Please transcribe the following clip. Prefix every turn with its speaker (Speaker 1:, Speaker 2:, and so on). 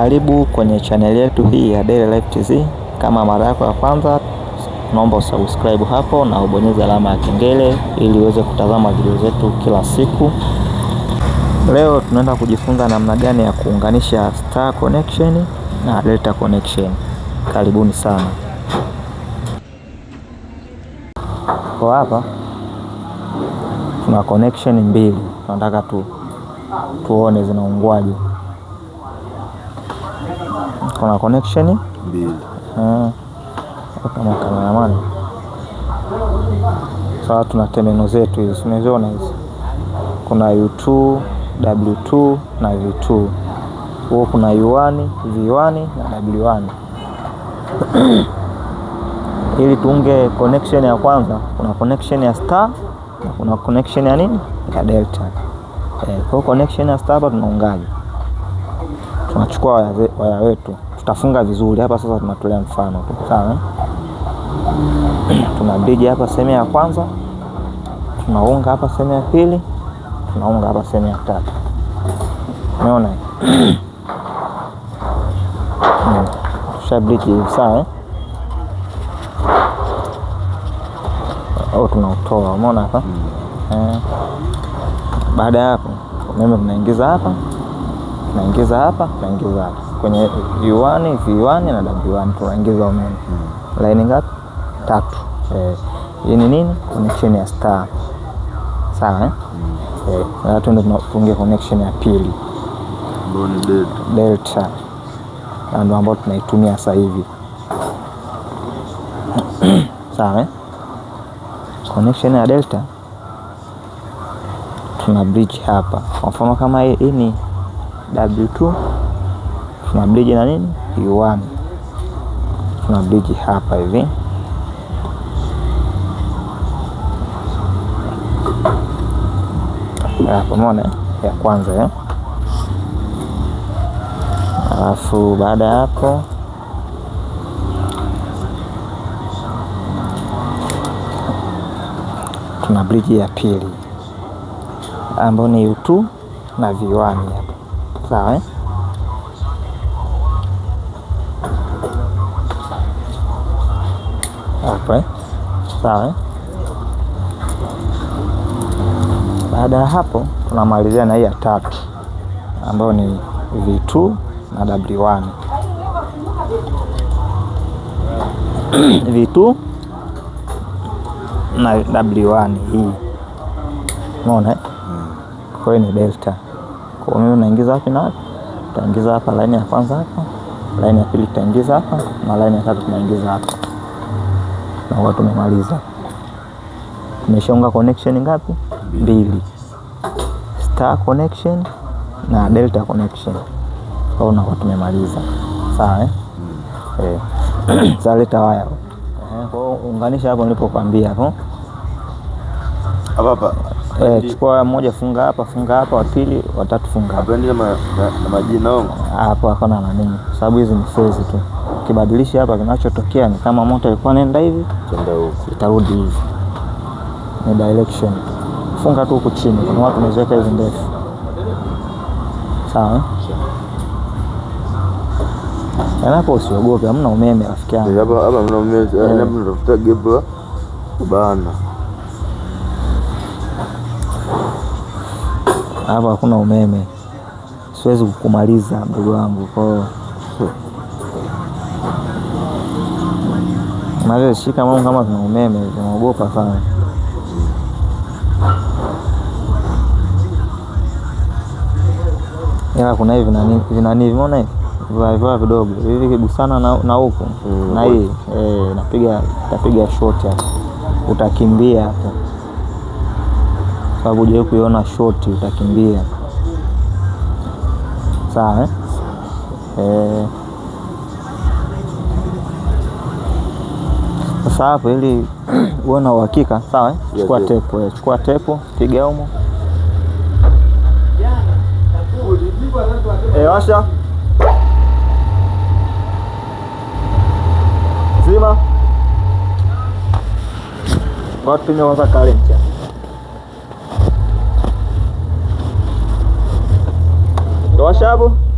Speaker 1: Karibu kwenye chaneli yetu hii ya Daily Life TZ. Kama mara yako ya kwanza, naomba usubscribe hapo na ubonyeze alama ya kengele ili uweze kutazama video zetu kila siku. Leo tunaenda kujifunza namna gani ya kuunganisha star connection na delta connection. Karibuni sana. Kwa hapa tuna connection mbili, tunataka tu tuone zinaungwaje kuna connection mbili eh. kama kameramani. Sasa tuna terminal zetu hizi, unaziona hizi, kuna U2, W2 na V2 huo, kuna U1, V1 na W1 ili tuunge connection ya kwanza, kuna connection ya star na kuna connection ya nini ya delta. Eh, kwa connection ya star hapa tunaungaje? tunachukua waya, wetu tutafunga vizuri hapa. Sasa tunatolea mfano tu, sawa. Tuna bridge hapa sehemu ya kwanza, tunaunga hapa sehemu ya pili, tunaunga hapa sehemu ya tatu. Umeona? Hmm. Tusha bridge hivi, sawa eh? au tunautoa. Umeona hapa? Hmm. Eh. Baada ya hapo, umeme tunaingiza hapa naingiza hapa, naingiza hapa kwenye v 1 V1 na W1 tunaingiza umeme hmm. Laini ngapi? Tatu. Eh, hii ni nini? Connection ya star. Sawa eh? Hmm. Eh, tuende tunafungia connection ya pili Boni delta, na ndio ambao tunaitumia sasa hivi sawa eh? Connection ya delta tuna bridge hapa, kwa mfano kama hii ni W2 tuna bridge na nini U1, tuna bridge hapa hivi hapo, umeona eh? ya kwanza ya eh? alafu baada ya hapo tuna bridge ya pili ambayo ni U2 na V1 hapo là sải apa sawa baada ya hapo tunamalizia na hii ya tatu ambayo ni V2 na W1 V2 na W1 hii unaona, hmm. kwa hiyo ni delta kwa mimi naingiza hapa na Taingiza hapa line ya kwanza hapa, line ya pili tutaingiza hapa na line ya tatu tunaingiza hapa. Na huwa tumemaliza. Tumeshaunga connection ngapi? Mbili. Star connection na delta connection. Kwa hiyo nakuwa tumemaliza. Sawa eh? Eh. Sasa leta waya. Eh, kwa unganisha hapo nilipokuambia hapo. Hapa hapa. Eh, chukua mmoja, funga hapa, funga hapa, wa pili, watatu, funga hapa. Hapo hakuna na nini, sababu hizi ni fezi tu. kibadilisha hapa, kinachotokea ni kama moto alikuwa nenda hivi, itarudi hivi, ni direction. Funga tu huku chini, kuna watu wameziweka hivi ndefu, sawa Hapo usiogope, hamna umeme rafiki
Speaker 2: yangu. Eh.
Speaker 1: hapa hakuna umeme, siwezi kukumaliza mdogo wangu. Kwa hiyo shika mamu, kama kuna umeme tunaogopa sana. Ila kuna hivi vinani vimeona hivi vivaa vidogo hivi kigusana na huku mm. na hii eh, napiga tapiga shoti, utakimbia hapo sababu hujawahi kuiona shoti, utakimbia sawa eh? Eh. Sasa hapo ili uwe na uhakika sawa, eh? chukua tepo eh, chukua tepo, piga humo eh, washa zima, watu tumia kwanza current eh. shovel.